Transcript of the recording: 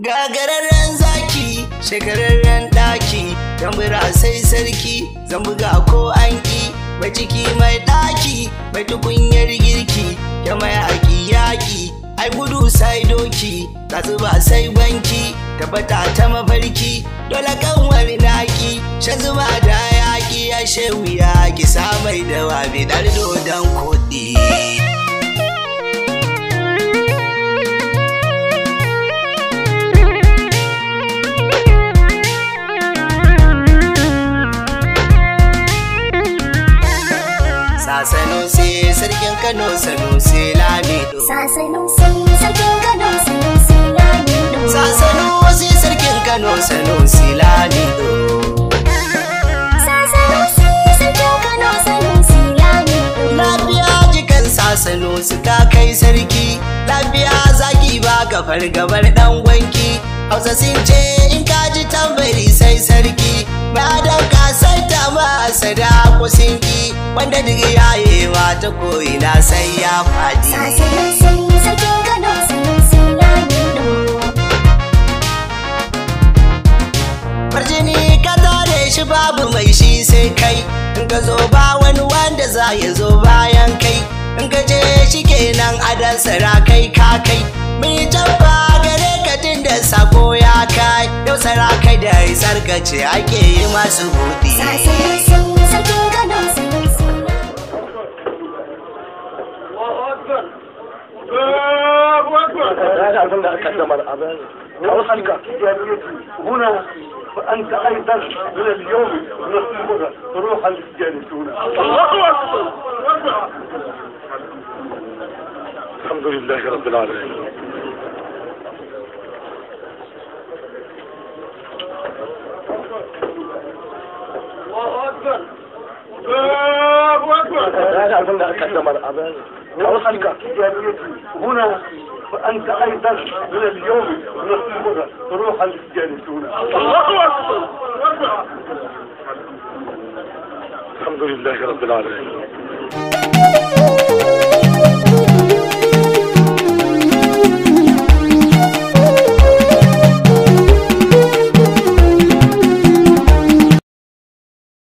gagararren zaki shekararren ɗaki dan sai sarki zan buga ko an ki ciki mai ɗaki mai tukunyar girki ya mai haƙi yaƙi ai gudu sai doki tatsi ba sai banki tabbata ta mafarki dole kanwar naki shan zuba da yaƙi ya shewu yaƙi samai da wa bidar dodon kuɗi Sasano Sasanusi sarkin Kano Sano do. Sasano Sasanusi sarkin Kano Sano do. Sasano Sasanusi sarkin Kano Sano do. sarkin Kano, Sano do. Lafiya sasano su ka kai sarki lafiya zaki ba kafar gabar dan wanki. hausa sun ce in ka ji tambari sai sarki ba da kasar ta ma sada kusin wanda duk yayewa ta koyina sai ya faɗi Farjini ka tare shi babu mai shi sai kai in ka zo ba wani wanda za ya zo bayan kai in ka je shi kenan adan sara kai ka kai mun yi tabba gare ka tun da sako ya kai yau sara kai da sarkace ake yi masu buɗe. أظن أكثر أوصلك هنا فأنت أيضا من اليوم نصبر روحا للجالسون الله أكبر الحمد لله رب العالمين الله أكبر الله أكبر لا أظن أكثر أوصلك هنا فأنت أيضا من اليوم نصبر روحا للجالسون الله أكبر الحمد لله رب العالمين